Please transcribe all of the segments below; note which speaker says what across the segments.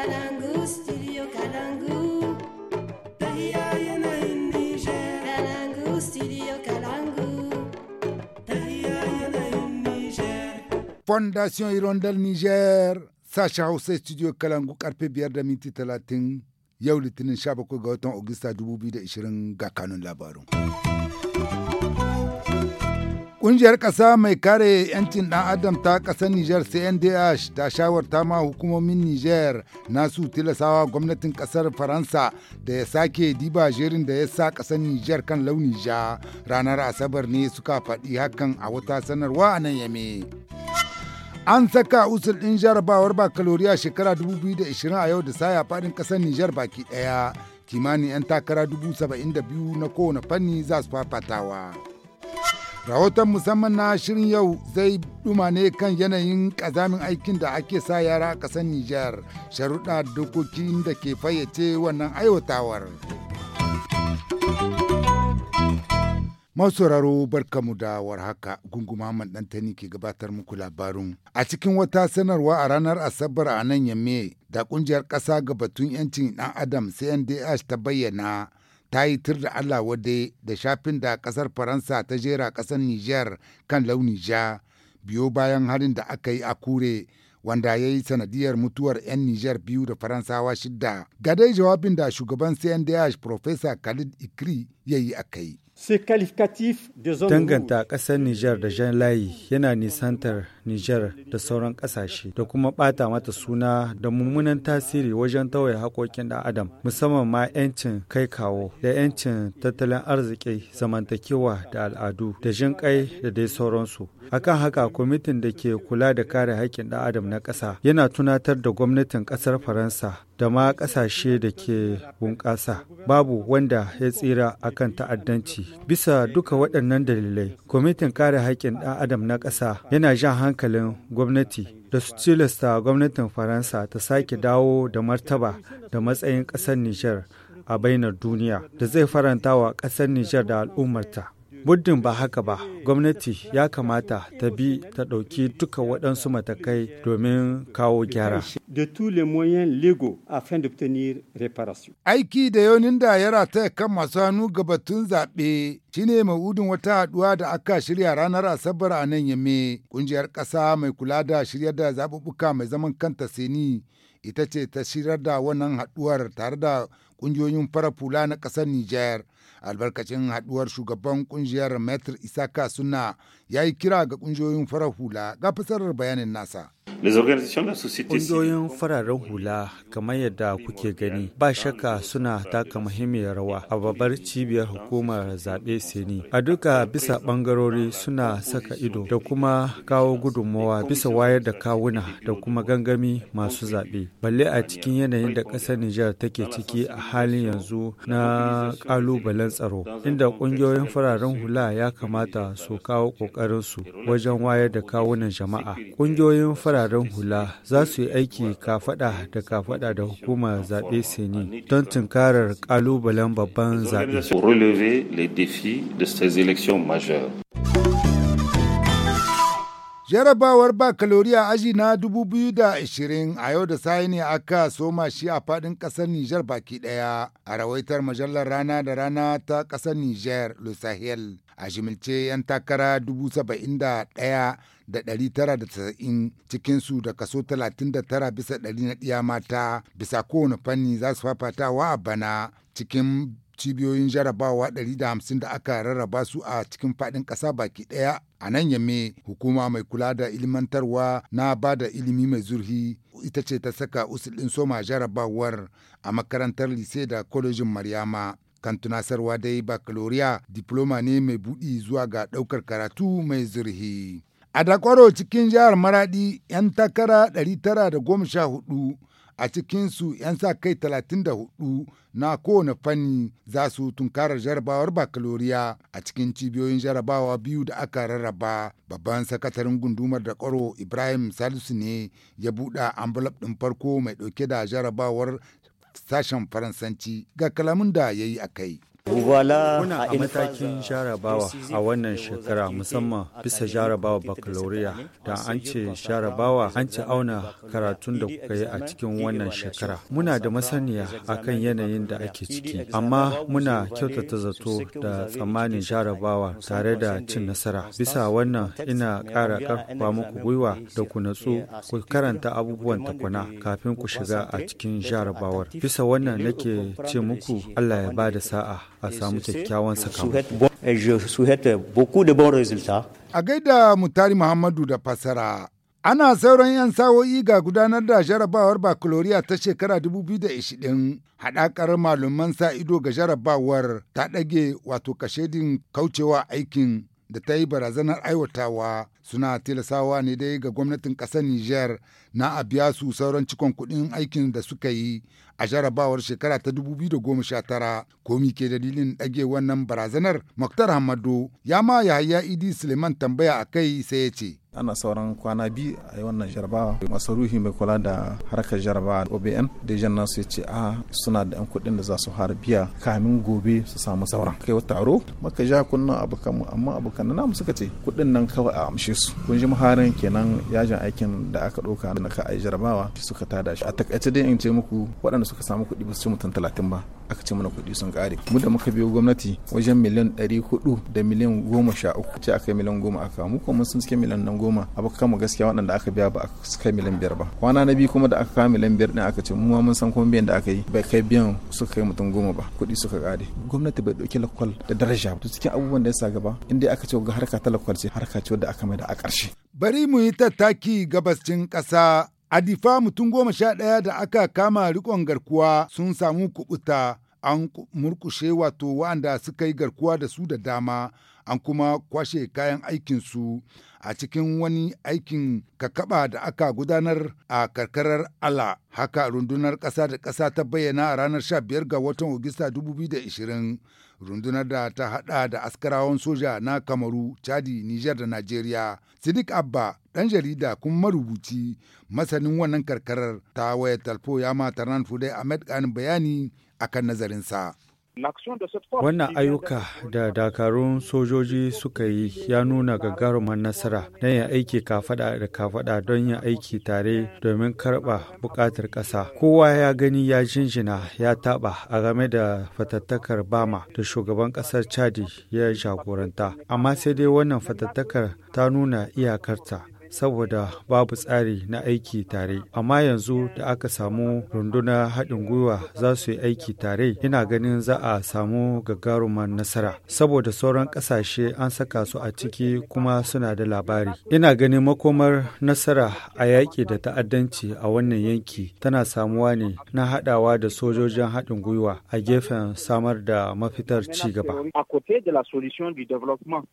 Speaker 1: Kalangu, Kalangu. yanayin Niger. Kalangu, studio Kalangu.
Speaker 2: Fondation Hirondel Niger. sacha Hausa Studio Kalangu karfe biyar da minti talatin yau litinin 17 ga watan Agusta 2020 ga kanun labarin. Ƙungiyar ƙasa mai kare 'yancin ɗan adam ta ƙasar Nijar CNDH ta shawarta ma hukumomin Nijar nasu tilasawa gwamnatin ƙasar Faransa da ya sake diba jerin da ya sa ƙasar Nijar kan launi ja ranar Asabar ne suka faɗi hakan a wata sanarwa a nan yame. An saka usul ɗin jarabawar bakaloriya shekara 2020 a yau da saya faɗin ƙasar Nijar baki ɗaya. Kimanin 'yan takara 72 na kowane fanni za su fafatawa. rahoton musamman na shirin yau zai duma ne kan yanayin kazamin aikin da ake sa yara a kasar Nijar, sharuɗa dokokin da ke fayyace wannan aiwatawar. masauraro barkamu da warhaka gunguma man ɗantani ke gabatar muku labarin a cikin wata sanarwa a ranar asabar a nan yamme da ƙungiyar ƙasa ga batun 'yancin ɗan adam cndh ta bayyana ta yi tir da Allah wadai da shafin da ƙasar Faransa ta jera ƙasar Nijar kan launi ja biyo bayan harin da aka yi a kure wanda ya yi sanadiyar mutuwar 'yan Nijar biyu da Faransawa shidda. gadai jawabin da shugaban CNDH Profesa Khalid Ikri ya yi a kai. Danganta ƙasar
Speaker 3: Nijar da Jan Layi yana nisantar Nijar da sauran ƙasashe da kuma ɓata mata suna da mummunan tasiri wajen tawaye haƙoƙin ɗan Adam, musamman ma 'yancin kai kawo da 'yancin tattalin arziki, zamantakewa da al'adu da jin ƙai da dai sauransu. Akan haka kwamitin da ke kula da kare haƙƙin ɗan Adam na ƙasa yana tunatar da gwamnatin ƙasar Faransa da ma ƙasashe da ke bunƙasa babu wanda ya tsira akan ta'addanci bisa duka waɗannan dalilai kwamitin kare haƙƙin ɗan adam na ƙasa yana jan hankalin gwamnati da su tilasta gwamnatin faransa ta sake dawo da martaba da matsayin ƙasar nijar a bainar duniya da zai faranta wa ƙasar nijar da al'ummarta Muddin ba haka ba, gwamnati ya kamata ta bi ta ɗauki duka waɗansu matakai domin kawo gyara.
Speaker 2: Aiki da yaunin da ya rataya kan masu hannu gabatun zaɓe shine ma'udin wata haɗuwa da aka shirya ranar Asabar a nan yame ƙungiyar ƙasa mai kula da shirya da zaɓuɓɓuka mai zaman kanta Seni ita ce ta shirar da wannan haɗuwar tare da ƙungiyoyin fara fula na ƙasar Nijar. Albarkacin haɗuwar shugaban ƙungiyar Metr Isaka Suna ya yi kira ga ƙungiyoyin fara hula ga fasarar bayanin nasa.
Speaker 1: Ƙungiyoyin
Speaker 3: fararen hula kamar yadda kuke gani ba shakka suna taka muhimmiyar rawa a babbar cibiyar hukumar zaɓe seni. A duka bisa ɓangarori suna saka ido da kuma kawo gudunmawa bisa wayar da kawuna da kuma gangami masu zaɓe. Balle a cikin yanayin da ƙasar Nijar take ciki a halin yanzu na ƙalubalen tsaro inda kungiyoyin fararen hula ya kamata su kawo ƙoƙarinsu wajen wayar da kawunan jama'a ƙungiyoyin fararen hula za su yi aiki kafaɗa da kafaɗa da hukumar zaɓe seni don tunkarar ƙalubalen babban zaɓe
Speaker 2: Jarabawar ba kalori a aji na 2020 a yau da sai ne aka soma shi a fadin kasar Nijar baki daya a rawaitar majalar rana da rana ta kasar Nijar Le Sahel a jimilce 'yan takara 71,990 cikinsu da kaso 39 bisa ɗari na ɗiya mata bisa kowane fanni za su fafatawa a bana cikin cibiyoyin jarabawa 150 da aka rarraba su a cikin faɗin ƙasa baki ɗaya a nan yamme hukuma mai kula da ilimantarwa na ba da ilimi mai zurhi ita ce ta saka usulin soma jarabawar a makarantar lise da kwalejin maryama kan tunasarwa dai baccalaureate diploma ne mai buɗi zuwa ga ɗaukar karatu mai zurhi a dakwaro cikin jihar maradi 'yan takara 914 a cikinsu 'yan sa kai 34 na kowane fanni za su tunkarar jarabawar bakaloriya a cikin cibiyoyin jarabawa biyu da aka rarraba babban sakatarin gundumar da kwaro ibrahim salisu ne ya buɗe envelope ɗin farko mai ɗauke da jarabawar sashen faransanci ga kalamun da ya yi a kai Muna a matakin jarabawa a
Speaker 3: wannan shekara musamman bisa jarabawa baccalaureate da an ce jarabawa an ci auna karatun da kuka yi a cikin wannan shekara. Muna da masaniya akan yanayin da ake ciki, amma muna kyautata zato da tsammanin jarabawa tare da cin nasara. Bisa wannan ina ƙara ƙarfafa muku gwiwa da ku natsu ku karanta abubuwan takwana kafin ku shiga a cikin jarabawar. Bisa wannan nake ce muku Allah ya ba da sa'a. a samu kyakkyawan sakamako.
Speaker 2: A gaida Mutari Muhammadu da fasara. Ana sauran 'yan sawo'i ga gudanar da jarabawar bakuloriya ta shekara 2020 haɗakar malaman sa ido ga jarabawar ta ɗage wato kashedin kaucewa aikin da ta yi barazanar aiwatawa suna tilasawa ne dai ga gwamnatin ƙasar Nijar na a biya su sauran cikon kuɗin aikin da suka yi a jarabawar shekara ta 2019 komi ke dalilin ɗage wannan barazanar Muktar Hamadu ya ma Yahaya Idi Suleiman tambaya a kai sai ya ce. ana sauran kwana biyu a yi wannan jarabawa masaruhi mai kula da harkar jarabawa obn da jan nasu ya ce a ah, suna da yan kuɗin da za su har biya
Speaker 1: kamin gobe su samu sauran kai wata taro maka ja kunnan abokan mu amma abokan na namu suka ce kuɗin nan kawai a amshe su kun ji muharin kenan yajin aikin da aka ɗauka na ka yi jarabawa
Speaker 2: suka tada shi a takaice dai in ce muku waɗanda suka samu kuɗi ba su ci mutum talatin ba aka ce mana kuɗi sun ƙare mu da muka biyo gwamnati wajen miliyan ɗari hudu da miliyan goma sha uku ce aka yi miliyan goma aka mu kuma sun suke miliyan nan goma a baka kama gaskiya waɗanda aka biya ba su kai miliyan biyar ba kwana na biyu kuma da aka kawo miliyan biyar ɗin aka ce mu mun san kuma biyan da aka yi bai kai biyan suka kai mutum goma ba kuɗi suka ƙare gwamnati bai ɗauki lakwal da daraja ba cikin abubuwan da ya sa gaba inda aka ce ga harka ta lakwal ce harka ce wadda aka mai da a ƙarshe. bari mu yi tattaki cin ƙasa Adifa mutum goma sha ɗaya da aka kama riƙon garkuwa sun samu kuɓuta an murkushe wato wa'anda suka yi garkuwa da su da dama an kuma kwashe kayan aikinsu a cikin wani aikin kakaba da aka gudanar a karkarar ala haka rundunar ƙasa da ƙasa ta bayyana a ranar 15 ga watan Ogista 2020 rundunar da ta hada da askarawan soja na kamaru chadi niger da najeriya sidik abba Dan jarida kuma marubuci masanin wannan karkarar ta waya talfo ya ma ran fudai ahmed bayani akan nazarinsa.
Speaker 1: Wannan
Speaker 3: ayyuka da dakarun sojoji suka yi ya nuna gagarumar nasara na yin aiki kafada da kafada don yin aiki tare domin karɓa buƙatar ƙasa. Kowa ya gani ya jinjina ya taɓa a game da fatattakar Bama da shugaban ƙasar Chadi ya jagoranta. Amma sai dai wannan fatattakar ta nuna iyakarta. saboda babu tsari na aiki tare amma yanzu da aka samu runduna haɗin gwiwa za su yi aiki tare ina ganin za a samu gagarumar nasara saboda sauran ƙasashe an saka su a ciki kuma suna da labari ina ganin makomar nasara a yaƙi da ta'addanci a wannan yanki tana samuwa ne na haɗawa da sojojin haɗin gwiwa a gefen samar da mafitar ci gaba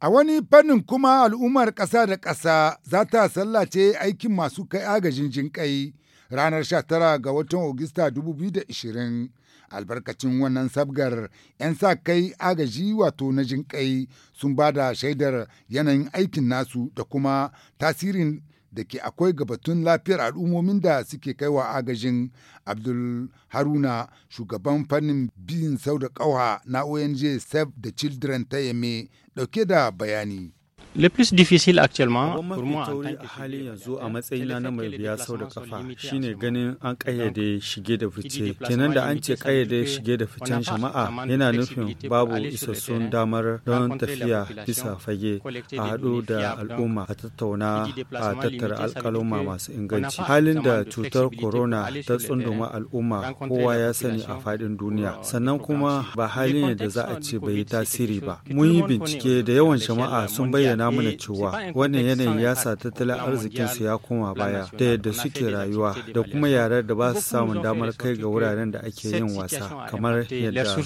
Speaker 2: a wani fannin kuma al'ummar ƙasa da ƙasa za ta Minista Sallah ce aikin masu kai agajin jinƙai ranar 19 ga watan Ogista 2020. Albarkacin wannan sabgar 'yan sa kai agaji wato na jinƙai sun ba da shaidar yanayin aikin nasu da kuma tasirin da ke akwai gabatun lafiyar al'ummomin da suke kaiwa agajin abdul haruna shugaban fannin biyin sau da ƙauha na ong save the children ta yame dauke da bayani Le plus difficile actuellement pour moi tauri
Speaker 3: a halin yanzu a matsayina na mai biya sau da kafa shine ganin an kayyade shige da fice kenan da an ce kayyade shige da ficen jama'a yana nufin babu isassun damar don tafiya bisa fage a haɗu da al'umma a tattauna a tattara alkaloma masu inganci halin da cutar corona ta tsunduma al'umma kowa ya sani a faɗin duniya euh, sannan kuma ba hali ne da za a ce bai yi tasiri ba mun yi bincike da yawan jama'a sun bayyana bayyana eh, mana cewa wannan yanayi ya sa tattalin su ya koma baya da yadda suke rayuwa da kuma yaran da ba su samun damar kai ga wuraren da ake yin wasa kamar yadda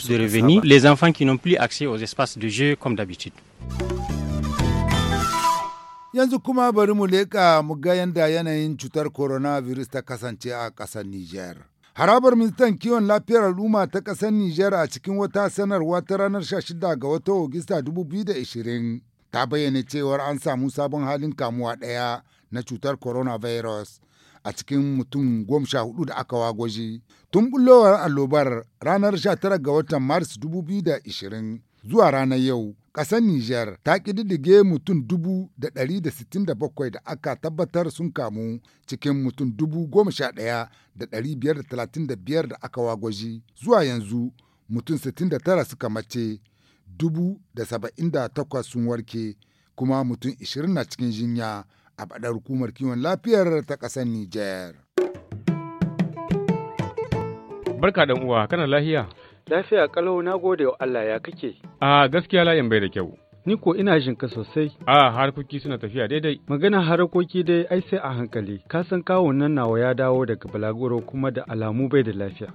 Speaker 2: Yanzu kuma bari mu leƙa mu ga yadda yanayin cutar coronavirus ta kasance a ƙasar Nijar. Harabar ministan kiwon lafiyar al'umma ta ƙasar Nijar a cikin wata sanarwa ta ranar 16 ga watan Ogista 2020 ta bayyana cewar an samu sabon halin kamuwa ɗaya na cutar coronavirus a cikin mutum goma sha hudu da aka wagwaji tun bullowar allobar ranar 19 ga watan mars 2020 zuwa ranar yau ƙasar Nijar ta ƙididdige mutum dubu da aka tabbatar sun kamu cikin mutum 11,535 da aka wagwaji zuwa yanzu mutum 69 suka mace Dubu 78 sun warke kuma mutum 20 na cikin jinya a faɗar hukumar kiwon lafiyar ta ƙasar Nijar.
Speaker 1: Barka ɗan uwa kana lahiya? Lafiya kalau na gode wa Allah ya kake. A gaskiya layin bai da kyau. Ni ko ina jin ka sosai. A harkoki suna tafiya daidai.
Speaker 3: Magana harkoki dai ai sai a hankali. Ka san kawo nan nawa ya dawo daga balagoro kuma da alamu bai da lafiya.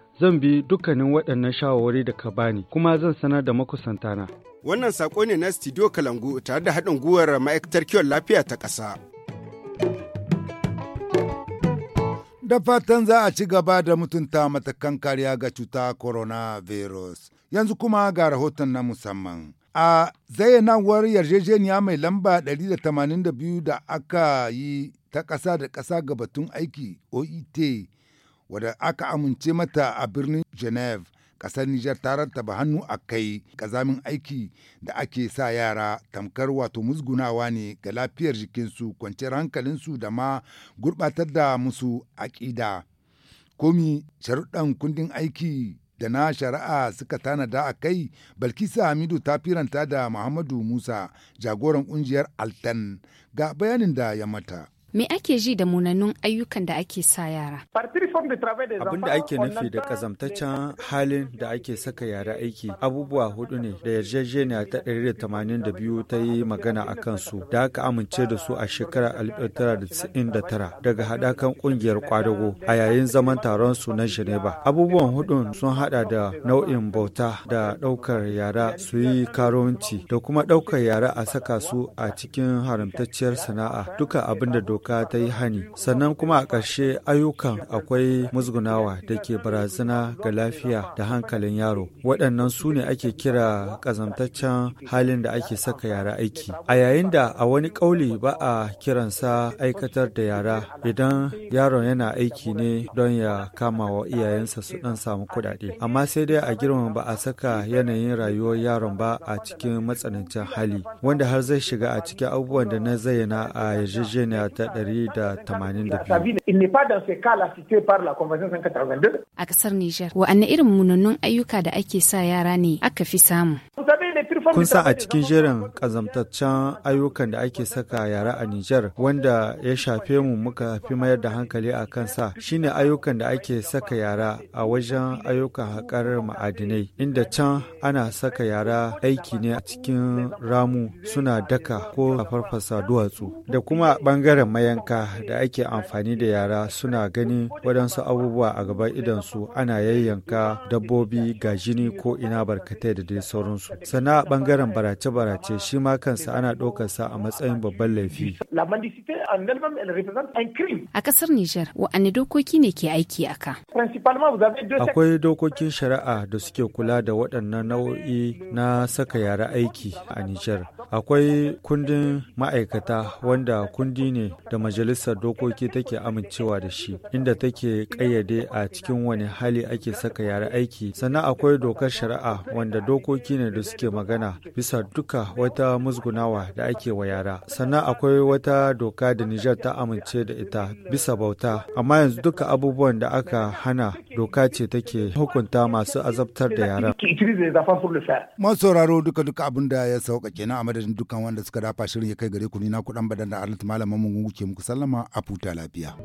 Speaker 3: zan bi dukkanin waɗannan shawarwari da ka bani kuma zan sanar da makusantana.
Speaker 2: Wannan saƙo ne na Studio Kalangu tare da haɗin gwiwar ma'aikatar kiwon lafiya ta ƙasa. Da fatan za a ci gaba da mutunta matakan kariya ga cuta coronavirus. Yanzu kuma ga rahoton na musamman. A zayyanawar yarjejeniya mai lamba 182 da aka yi ta ƙasa da ƙasa ga batun aiki OIT e wadda aka amince mata a birnin Geneva. Ƙasar Nijar ta rattaba hannu a kai ƙazamin aiki da ake sa yara tamkar wato musgunawa ne ga lafiyar jikinsu kwanciyar hankalinsu da ma gurbatar da musu aƙida. Komi sharuɗan kundin aiki da na shari'a suka tanada a kai balkisa hamidu ta firanta da muhammadu musa jagoran ƙungiyar altan ga bayanin da ya mata
Speaker 3: Me ake ji da munanun ayyukan da ake sa yara? Abin da ake nufi da kazamtaccen halin da ake saka yara aiki abubuwa hudu ne da yarjejeniya ta 182 ta yi magana a kansu da aka amince da su a shekarar 1999 daga haɗakan ƙungiyar kwadago a yayin zaman taron su na Geneva. Abubuwan hudun sun hada da nau'in bauta da ɗaukar yara su yi karuwanci da kuma ɗaukar yara a saka su a cikin haramtacciyar sana'a duka abin da doka ta yi hani sannan kuma a ƙarshe ayyukan akwai musgunawa da ke barazana ga lafiya da hankalin yaro waɗannan su ne ake kira ƙazamtaccen halin da ake saka yara aiki a yayin da a wani ƙauli ba a kiransa aikatar da yara idan yaron yana aiki ne don ya kama wa iyayensa su ɗan samu kuɗaɗe amma sai dai a girman ba a saka yanayin rayuwar yaron ba a cikin matsanancin hali wanda har zai shiga a cikin abubuwan da na zayyana a yarjejeniya ta 1982. A ƙasar Nijar, wa'anne irin munannun ayyuka da ake sa yara ne aka fi samu? Kun sa a cikin jerin kazamtaccen ayyukan da ake saka yara a Nijar wanda ya shafe mu muka fi mayar da hankali a kansa shine ayyukan da ake saka yara a wajen ayyukan haƙar ma'adinai inda can ana saka yara aiki ne a cikin ramu suna daka ko a farfasa duwatsu da kuma ɓangaren mayanka da ake amfani da yara suna ganin waɗansu abubuwa a gaban idansu ana yayyanka dabbobi ga jini ko ina barkatai da dai sauransu. Sana a ɓangaren barace-barace shi ma kansa ana ɗaukarsa a matsayin babban laifi. A ƙasar Nijar, wa'anne dokoki ne ke aiki a ka? Akwai dokokin shari'a da suke kula da waɗannan nau'i na saka yara aiki a Nijar. akwai kundin ma'aikata wanda kundi ne da majalisar dokoki take amincewa da shi inda take kayyade a cikin wani hali ake saka yare aiki sannan akwai dokar shari'a wanda dokoki ne da suke magana bisa duka wata musgunawa da ake wa yara sannan akwai wata doka da Nijar ta amince da ita bisa bauta amma yanzu duka abubuwan da aka hana
Speaker 2: doka ce take hukunta masu azabtar da yara Masu duka-duka abin ya sauka kenan a madadin dukkan wanda suka dafa shirin ya kai gare ku ni na kudan badan da Arlit mun ke muku sallama a futa lafiya.